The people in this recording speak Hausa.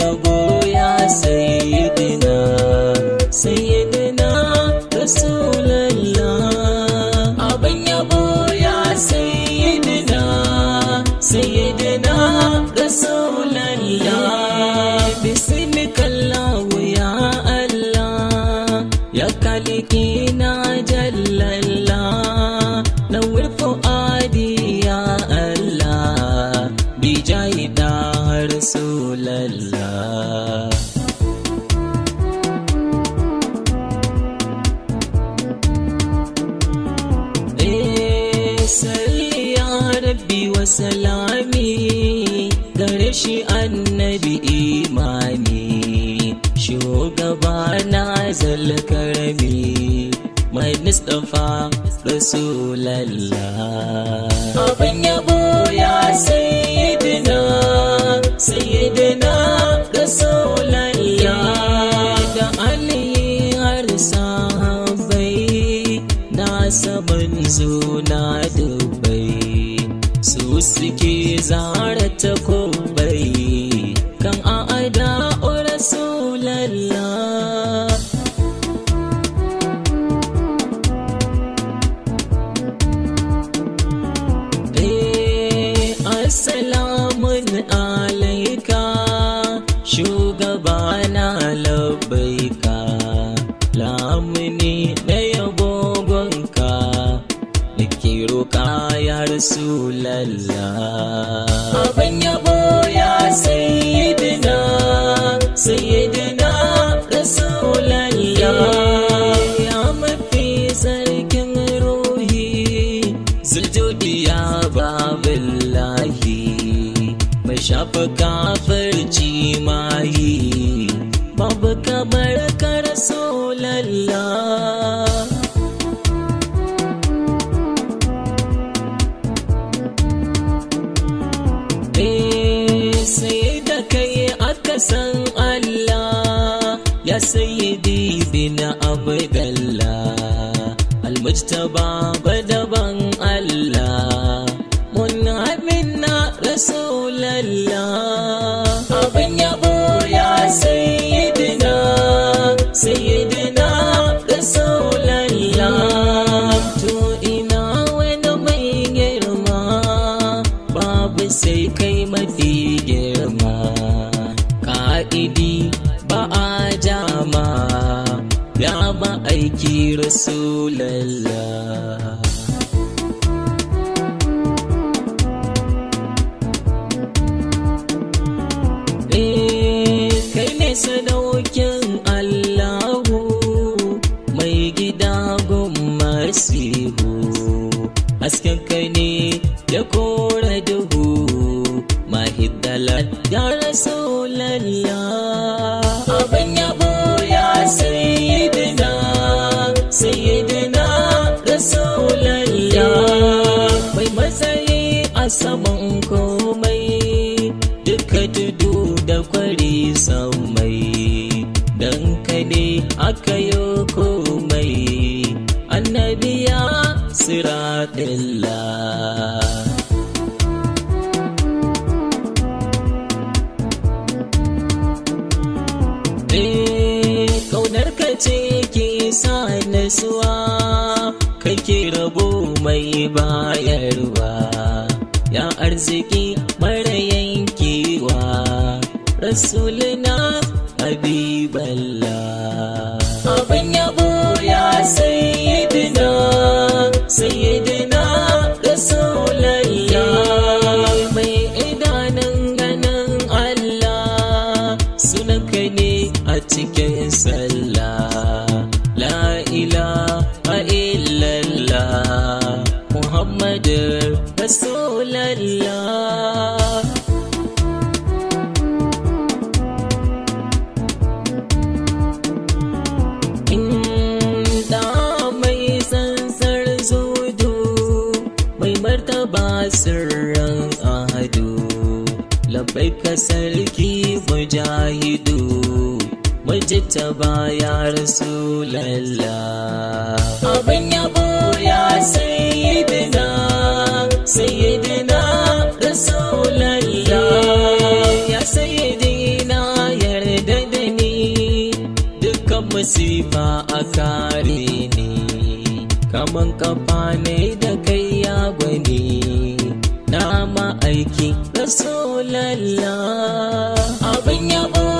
ya ya sayyidina sayyidina rasulallah abin yabo ya sayyidina sayyidina rasulallah bismika ya allah ya kalikina salami gare shi annabi imani shugaba na zalkarami mai mistafa rasulallah abin yabo ya sayyidina sayyidina rasulallah da aliyu har sahabai na saman zuna suke zara ta kuma ya rasulallah abin yabo ya sayyidina sayyidina rasulallah ya mafi sarkin ruhi zuljudi ya babillahi mai shafa kafirci mahi babu kamar ka rasulallah mujtaba daban Allah mun na rasulallah abin yabo ya sayyidina sayyidina rasulallah to ina wani mai girma babu sai kai mafi girma ka'idi ba a jama aiki rasulallah eh, kai ne sadaukin allahu mai gida gun masihu hasken aka yi komai annabiya Eh siradillah ce ke sa nasuwa kake rabo mai bayarwa ya arziki mara yankewa rasulina habiballah abin yabo ya sayi sirran ahadu labbai ka sarki mujahidu majita ba ya lalla. abin yabo ya sayyidina sayyidina lalla. ya sayyidina yarda da ni dukkan a kare ni kaman kafa ne da kai ya gwani ma'aiki rasulallah abin yabo